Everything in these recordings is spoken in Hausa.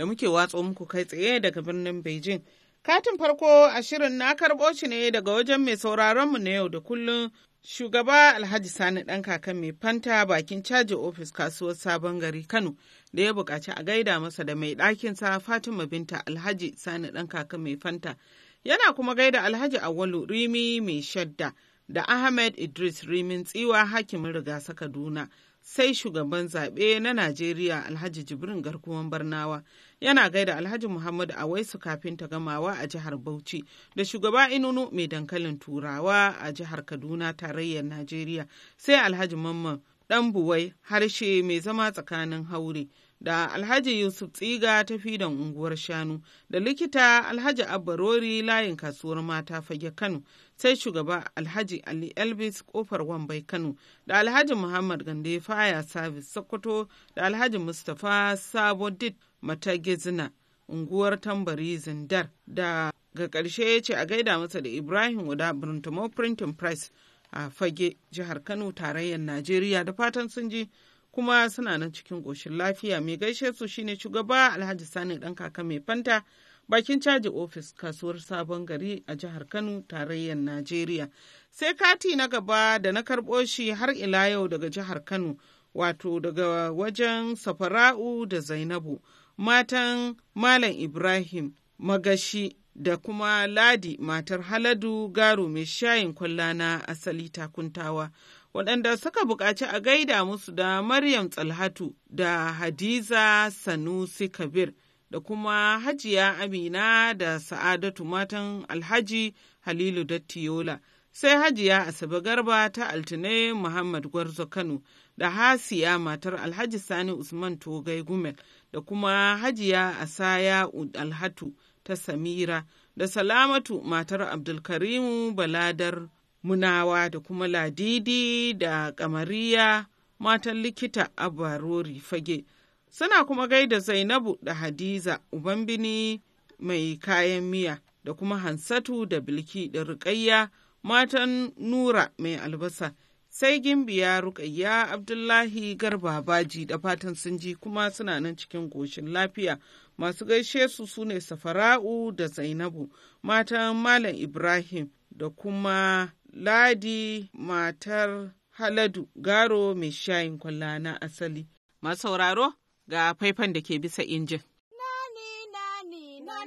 da muke watso muku kai tsaye daga birnin Beijing. Katin farko a shirin na karɓo shi ne daga wajen mai sauraron mu na yau da kullum shugaba Alhaji Sani ɗan kaka mai fanta bakin caji ofis kasuwar sabon gari Kano da ya buƙaci a gaida masa da mai ɗakinsa Fatima Binta Alhaji Sani ɗan kaka mai fanta. Yana kuma gaida Alhaji Awalu Rimi mai shadda da Ahmed Idris Rimin tsiwa hakimin riga saka Duna. sai shugaban zaɓe na Najeriya Alhaji Jibrin Garkuwan Barnawa yana gaida Alhaji Muhammadu Awaisu kafin ta gamawa a jihar Bauchi da shugaba Inunu mai dankalin Turawa a jihar Kaduna tarayyar Najeriya sai Alhaji Mamman ɗan buwai harshe mai zama tsakanin haure da Alhaji Yusuf Tsiga ta fidan unguwar shanu da likita Alhaji Abbarori layin kasuwar mata fage Kano sai shugaba alhaji ali elvis kofar wambai kano da alhaji muhammad gande faya service sokoto da alhaji mustapha sabo Did matagezina unguwar tambari zindar da ga ƙarshe ya ce a gaida masa da ibrahim wada burntumo printing press a fage jihar kano tarayyar najeriya da fatan sun ji kuma suna nan cikin ƙoshin lafiya mai gaishe su shine shugaba alhaji sani ɗan kaka mai fanta bakin caji ofis kasuwar sabon gari a jihar Kano tarayyar Najeriya. Sai kati na gaba da na karɓo shi har ila yau daga jihar Kano wato daga wajen Safara'u da Zainabu matan Malam Ibrahim Magashi da kuma Ladi matar Haladu Garo mai shayin kwalla na asali takuntawa. waɗanda suka buƙaci a gaida musu da Maryam Tsalhatu da Hadiza Sanusi Kabir da kuma Hajiya Amina da Sa'adatu matan Alhaji Halilu Dattiyola. Sai Hajiya Asabe Garba ta Altine Muhammad Gwarzo Kano da Hasiya matar Alhaji Sani Usman Togai Gumel da kuma Hajiya Asaya Alhatu ta Samira da Salamatu matar Abdulkarimu Baladar Munawa da kuma Ladidi da Kamariya matan likita Abarori Fage. Suna kuma gaida Zainabu da Hadiza, uban bini mai kayan miya, da kuma Hansatu da Bilki da Rukayya, matan Nura mai albasa. Sai gimbiya Rukayya Abdullahi Garba Baji da fatan sun ji kuma suna nan cikin goshin lafiya. Masu gaishe su sune Safara'u da Zainabu, matan Malam Ibrahim da kuma Ladi matar Haladu Garo mai shayin kwalla na asali. Masu sauraro, ga faifan da ke bisa injin.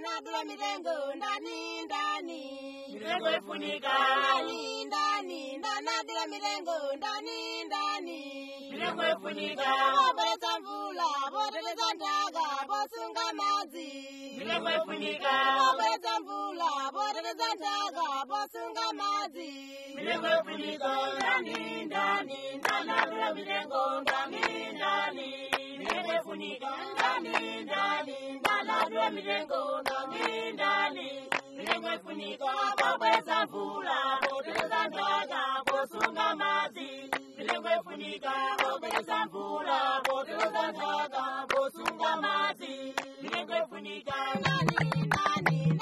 Nanadula Nani, nani, ndani milengo ifunika Nani, nani, nanadula milengo ndani ndani milengo Nani, nani, mvula boteleza ndaga Nani, nani, milengo ifunika boteleza mvula boteleza Nani, nani kunika ndani ndani ndaladwe milengo ndani ndani milengo ifunika kwakweza mvula poteza ndaga posunga mazi milengo ifunika kwakweza mvula poteza ndaga posunga mazi milengo ifunika ndani ndani ndani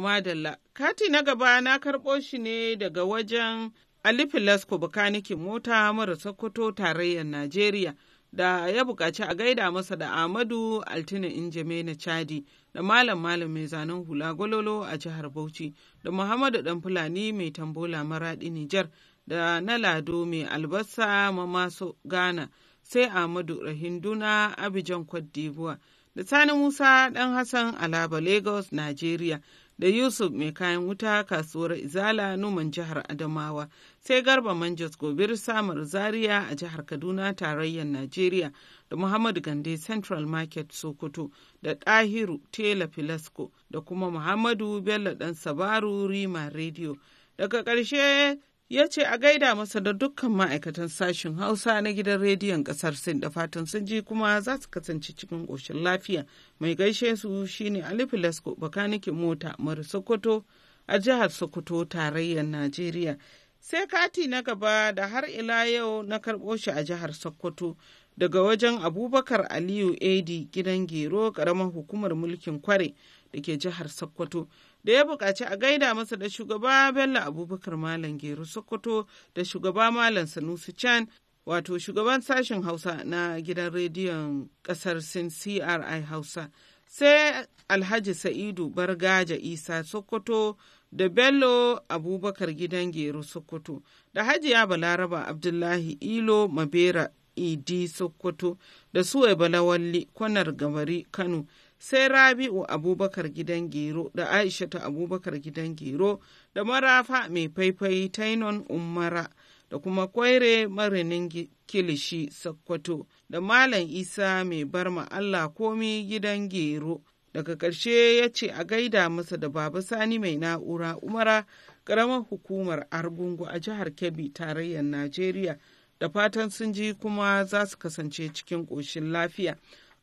madalla. Kati na gaba na karɓo shi ne daga wajen Ali Filasko bakanikin mota mara Sokoto tarayyar Najeriya da ya buƙaci a gaida masa da Amadu Altina Injame na Chadi da Malam Malam mai zanen hula gololo a jihar Bauchi da Muhammadu Dan Fulani mai tambola maraɗi Nijar da na Lado mai albasa mamaso Ghana sai Ahmadu Rahinduna Abidjan Kwadibuwa da Sani Musa ɗan Hassan Alaba Lagos Najeriya da Yusuf mai kayan wuta kasuwar Izala Numan jihar Adamawa sai Garba Manjas Gobir Samar Zaria a jihar Kaduna tarayyar Najeriya da Muhammadu Gande Central Market Sokoto da Ɗahiru Tela Filasco da kuma Muhammadu Bello Dan Sabaru Rima Radio. Daga ƙarshe ya ce a gaida masa da dukkan ma'aikatan sashen hausa na gidan rediyon kasar sin da fatan sun ji kuma za su kasance cikin ƙoshin lafiya mai gaishe su shine ali filasko bakanikin mota mara sokoto a jihar sokoto tarayyar najeriya sai kati na gaba da har ila yau na karɓo shi a jihar sokoto daga wajen abubakar aliyu edi gidan gero ƙaramar hukumar mulkin kware da ke jihar sokoto da ya buƙaci a gaida masa da shugaba Bello Abubakar Malam Gero Sokoto da shugaba Malam Sanusi Chan wato shugaban sashen Hausa na gidan rediyon ƙasar Sin CRI Hausa. Sai Alhaji Sa'idu Bargaja Isa Sokoto da Bello Abubakar gidan Gero Sokoto da Hajiya Balaraba Abdullahi Ilo Mabera Idi Sokoto da Suwai Balawalli Kwanar Gamari Kano sai rabi'u abubakar gidan gero da ta abubakar gidan gero da marafa mai faifai tainon umara da kuma kwaire marinin kilishi sakkwato da malam isa mai barma allah komi gidan gero daga ƙarshe ya ce a gaida masa da baba sani mai na'ura umara ƙaramar hukumar argungu a jihar kebbi tarayyar najeriya da fatan sun ji kuma za su kasance cikin ƙoshin lafiya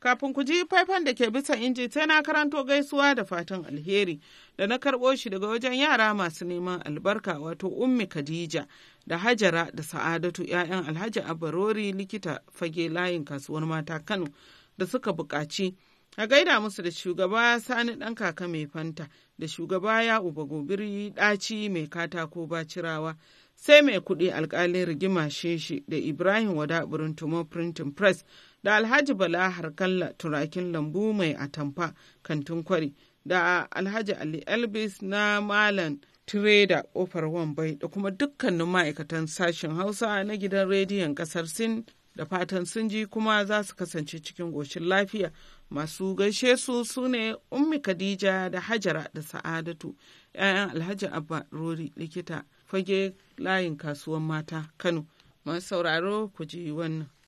Kafin ku ji faifan da ke bisa inji sai na karanto gaisuwa da fatan alheri da na karɓo shi daga wajen yara masu neman albarka wato Ummi Khadija da Hajara da Sa'adatu 'ya'yan Alhaji a barori likita fage layin kasuwar mata Kano da suka buƙaci a gaida musu da shugaba Sani ɗan kaka mai fanta da shugaba ya uba gobiri ɗaci mai katako bacirawa. sai mai kuɗi alkalin rigima sheshi da ibrahim wada burin printing press da alhaji bala harkalla turakin lambu mai atamfa kantin kwari da alhaji ali elbis na malam tireda kofar wambai da kuma dukkanin ma'aikatan sashen hausa na gidan rediyon kasar sin da fatan sun ji kuma za su kasance cikin goshin lafiya masu gaishe su ne ummi khadija da hajara da sa'adatu 'ya'yan alhaji abba rori likita fage layin kasuwan mata kano masu sauraro ku ji wannan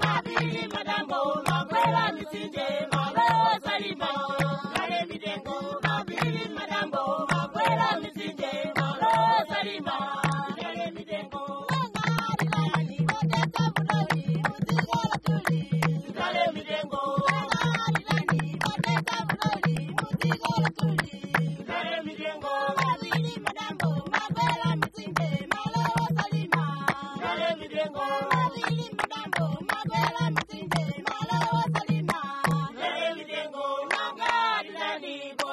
Madambo, Maguela, Misinje,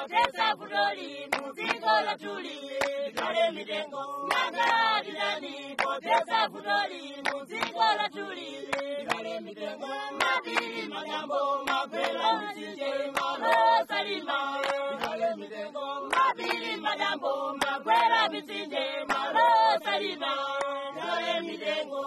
Poteza buroli, la tuli, midengo. poteza la tuli, midengo. magambo, mapela mtije, salima, midengo. magambo, mtije, salima, midengo.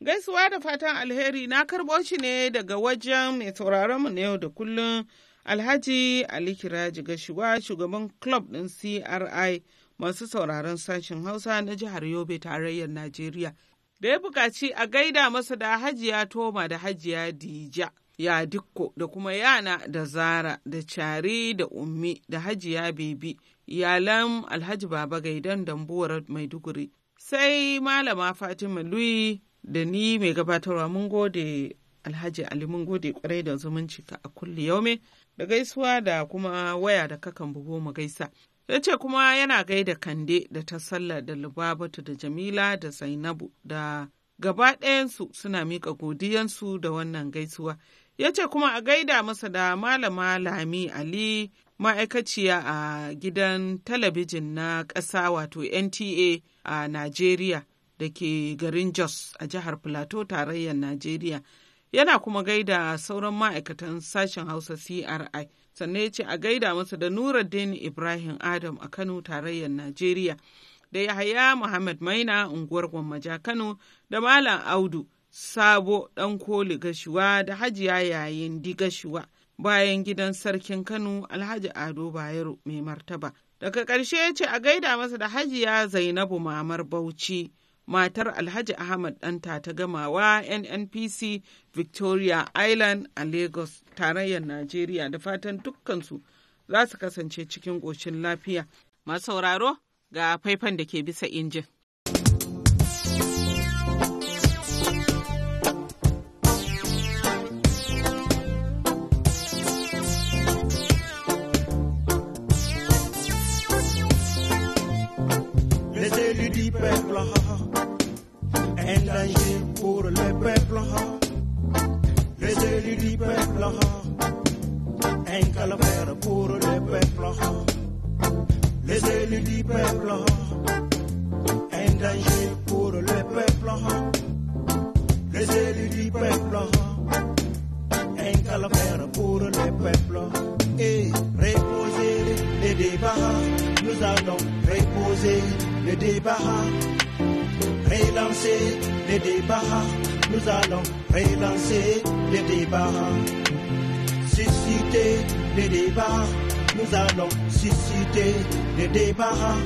Gaisuwa da fatan alheri na karɓo shi ne daga wajen mai sauraron mu na yau da kullun Alhaji Ali Kiraji gashiwa shugaban club ɗin CRI masu sauraron sashen Hausa na jihar Yobe tarayyar Najeriya. Da ya buƙaci a gaida masa da Hajiya Toma da Hajiya Dija. ya dikko da kuma yana da zara da cari da ummi da hajiya bebi iyalan alhaji baba gaidan dambuwar maiduguri sai malama fatima lui da ni mai gabatarwa mun gode alhaji ali mun gode kwarai da zumunci ka a kulli yaume da gaisuwa da kuma waya da kakan bugo mu gaisa ya ce kuma yana gaida kande da ta sallah da lubabatu da jamila da zainabu da gaba ɗayansu suna miƙa godiyansu da wannan gaisuwa ya ce kuma a gaida masa da malama lami ali ma'aikaciya a gidan talabijin na ƙasa wato nta a najeriya da ke garin Jos a jihar Plateau tarayyar Najeriya. Yana kuma gaida sauran ma'aikatan sashen Hausa CRI. Sannan ya ce a gaida masa da nura Dini Ibrahim Adam a Kano tarayyar Najeriya. Da Yahaya Muhammad Maina unguwar Gwammaja Kano da Malam Audu Sabo ɗan koli gashiwa da Hajiya yayin di gashiwa Bayan gidan sarkin Kano Alhaji Ado Bayero mai martaba. Daga ƙarshe ya ce a gaida masa da Hajiya Zainabu Mamar Bauchi. matar Alhaji Ahmad Danta, ta gamawa NNPC Victoria Island a Lagos tarayyar Najeriya da fatan dukkansu za su kasance cikin ƙoshin lafiya. Masu sauraro ga faifan da ke bisa injin. élus di peuple, un calvaire pour le peuple Les élus du peuple, un danger pour le peuple Les élus du peuple, un calvaire pour le peuple et reposer les débats nous allons reposer les débats relancer les débats nous allons relancer les débats, susciter les débats. Nous allons susciter les débats,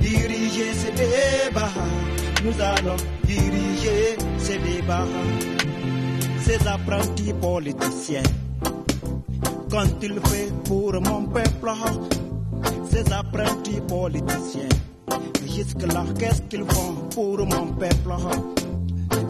diriger ces débats. Nous allons diriger ces débats. Ces apprentis politiciens, quand ils fait pour mon peuple, ces apprentis politiciens, jusque-là, qu'est-ce qu'ils font pour mon peuple? Ah,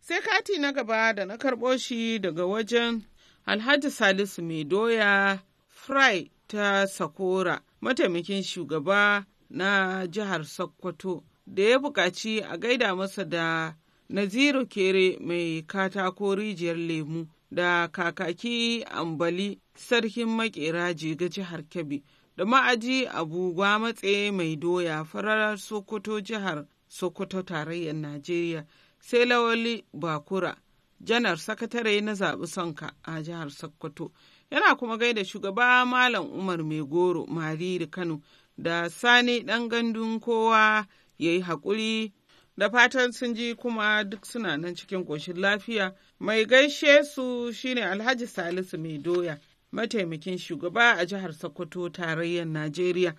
Sai kati na gaba da na karɓo shi daga wajen Alhaji Salisu Mai Doya Fry ta Sakora, mataimakin shugaba na jihar Sokoto, da ya buƙaci a gaida masa da Naziru Kere mai katako rijiyar lemu da kakaki ambali sarkin makera jiga jihar Kebbi da ma'aji abu matse mai doya farar sokoto jihar sokoto tarayyar najeriya sai lawali bakura janar sakatare na zaɓi sonka a jihar sokoto yana kuma gaida shugaba malam umar mai goro mariri kano da sani ɗan gandun kowa ya yi haƙuri da fatan sun ji kuma duk suna nan cikin ƙoshin lafiya mai gaishe su shine alhaji salisu mai doya mataimakin shugaba a jihar Sokoto tarayyar Najeriya.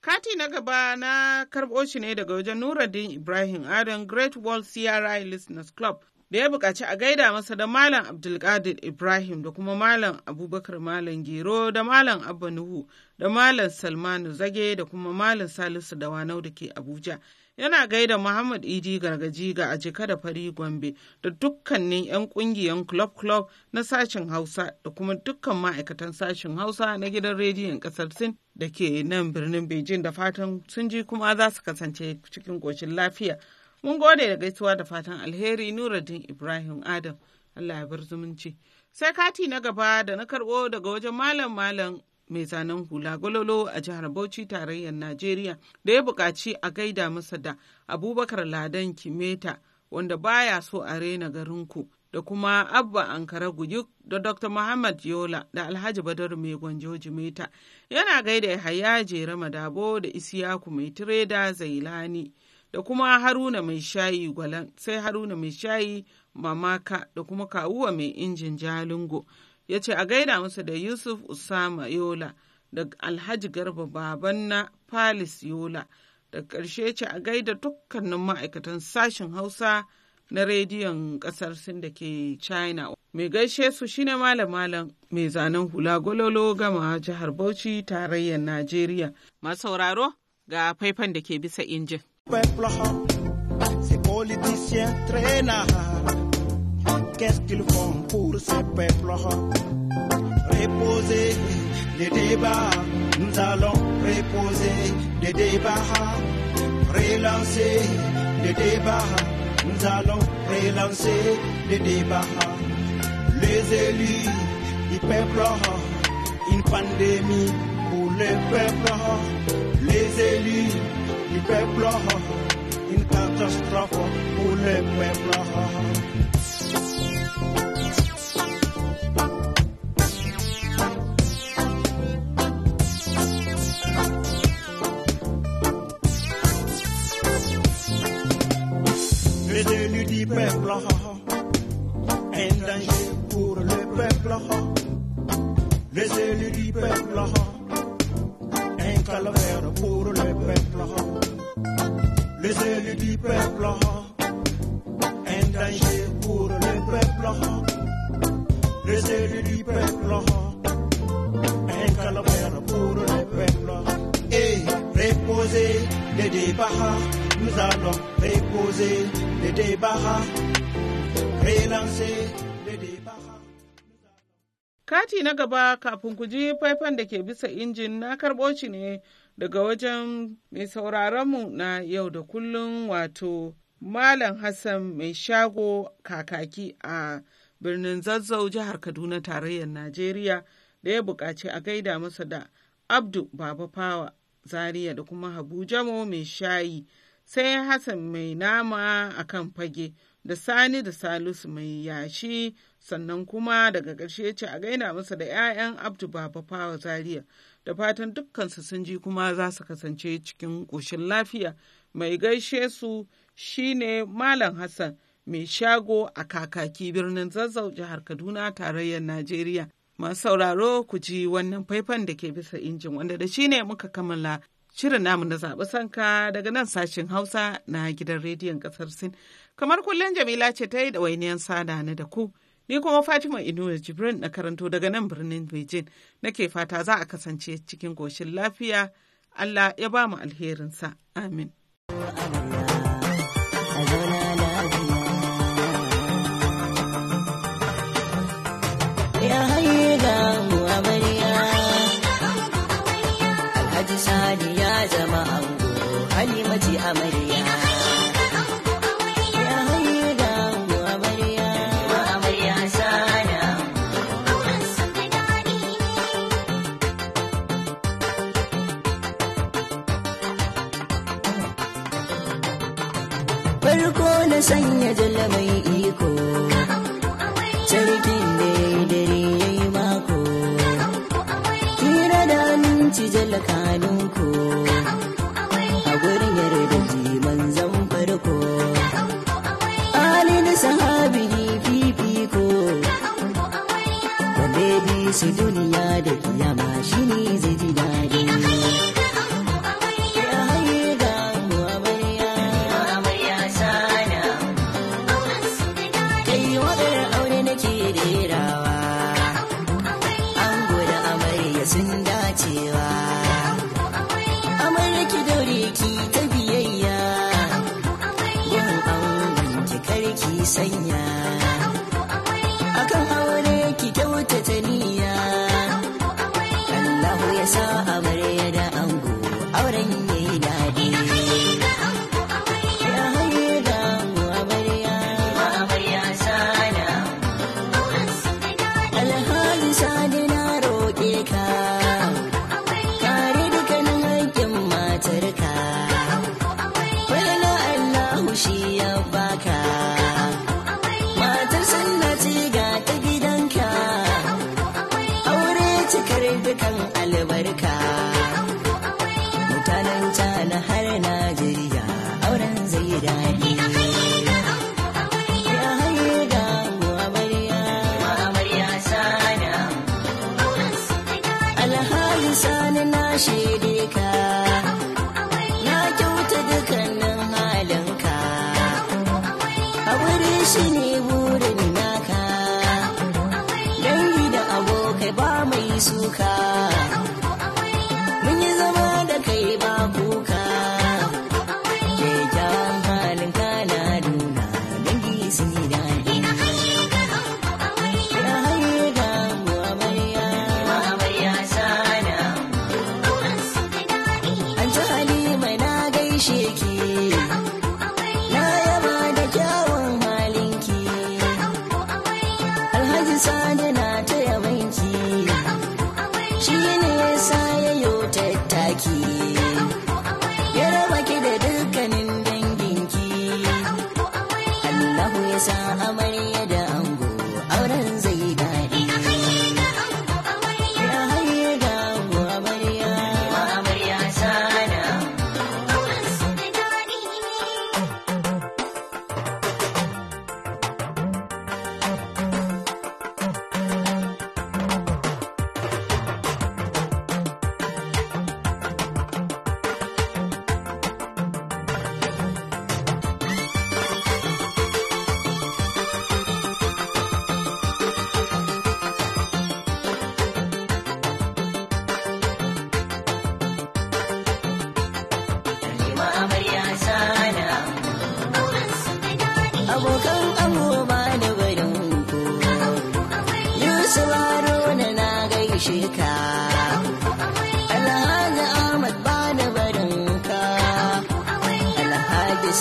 Kati na gaba na karɓo shi ne daga wajen Nuruddin Ibrahim Adam Great Wall CRI Listeners Club da ya buƙaci a gaida masa da Malam Abdulkadir Ibrahim da kuma Malam Abubakar Malam Gero da Malam Abba Nuhu da Malam Salmanu Zage da kuma Malam Salisu da wanau da ke Abuja yana gaida Muhammad Idi Gargaji a Ajika da Fari Gombe da dukkanin 'yan kungiyan Club Club na sashen Hausa da kuma dukkan ma'aikatan sashen Hausa na gidan rediyon kasar Sin da ke nan birnin Beijing da fatan sun ji kuma za su kasance cikin ƙoshin lafiya. Mun gode da gaisuwa da fatan alheri Nuruddin Ibrahim Adam. Allah ya bar zumunci. Sai kati na gaba da na karɓo daga wajen malam malam mai zanen hula gwalolo a jihar Bauchi tarayyar Najeriya da ya buƙaci a gaida masa da Abubakar Ladan Kimeta wanda baya so a rena garinku da kuma Abba Ankara Guyuk da Dr. Muhammad Yola da Alhaji Badar Mai Gwanjo Jimeta yana gaida Yahaya Jere Madabo da Isiyaku Mai Tireda Zailani da kuma Haruna Mai Shayi Gwalan sai Haruna Mai Shayi Mamaka da kuma Kawuwa Mai Injin Jalingo. ya ce a gaida masa da Yusuf Usama Yola da Alhaji Garba baban na Palis Yola da ƙarshe ce a gaida dukkanin ma'aikatan sashen Hausa na rediyon ƙasar Sin da ke China. Mai gaishe su shine malam malam mai zanen hula gololo gama jihar Bauchi tarayyar Najeriya. Masu sauraro ga faifan da ke bisa injin. qu'est-ce qu'ils font pour ce peuple Reposer des débats, nous allons reposer des débats, relancer des débats, nous allons relancer des débats. Les élus du peuple, une pandémie pour le peuple, les élus du peuple, une catastrophe pour le peuple. na gaba kafin ku ji faifan da ke bisa injin na karɓo shi ne daga wajen mai sauraronmu na yau da kullun wato Malam Hassan mai shago kakaki a birnin zazzau jihar Kaduna tarayyar Najeriya da ya buƙaci a gaida masa da Abdu Baba Fawa Zaria da kuma Habu Jamo mai shayi sai Hassan mai nama akan fage da Sani da Salisu mai yashi sannan kuma daga ƙarshe ce a gaina masa da 'ya'yan abdu baba fawa zaria da fatan dukkansu sun ji kuma za su kasance cikin ƙoshin lafiya mai gaishe su shine malam hassan mai shago a kakaki birnin zazzau jihar kaduna tarayyar najeriya masu sauraro ku ji wannan faifan da ke bisa injin wanda da shi ne muka kammala shirin namu na zaɓi sanka daga nan sashen hausa na gidan rediyon ƙasar sin kamar kullum jamila ce ta yi da wainiyan sada na da ku. Ni kuma Fatima Inuwa Jibrin na karanto daga nan birnin Beijing nake fata za a kasance cikin goshin lafiya. Allah ya ba mu alherinsa. Amin. ci jallakaninku a gurin yarda jiman manzan farko alin sahabi fifiko wanda bi su duniya da kiyama shi ne खुशी ने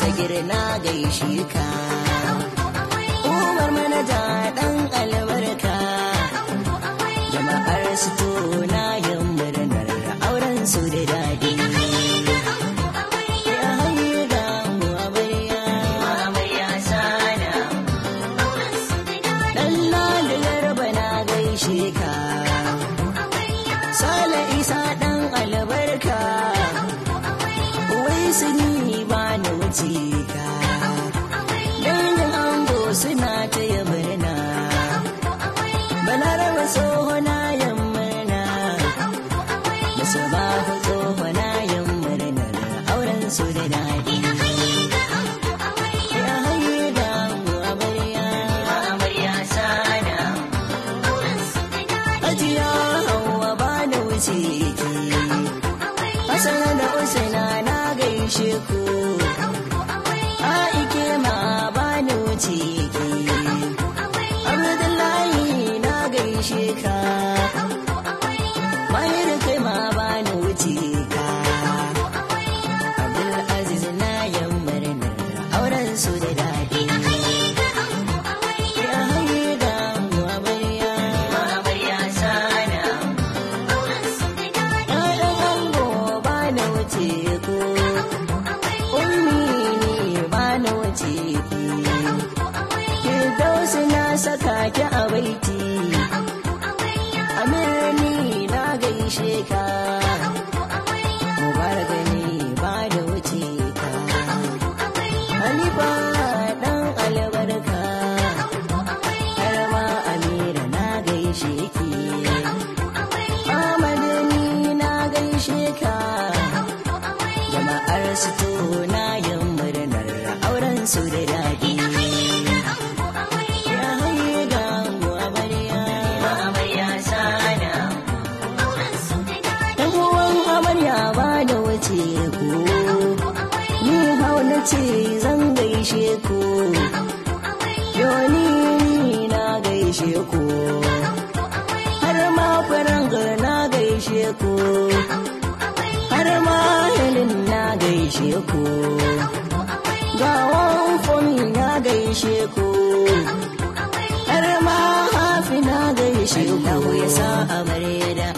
sagir na gaishe ka umar manaja ɗan albarka jama'ar su so that I ki a baiti ku har ma helin na gaishe ku gawan fomi na gaishe ku har ma hafi na gaishe ku ya sa amare da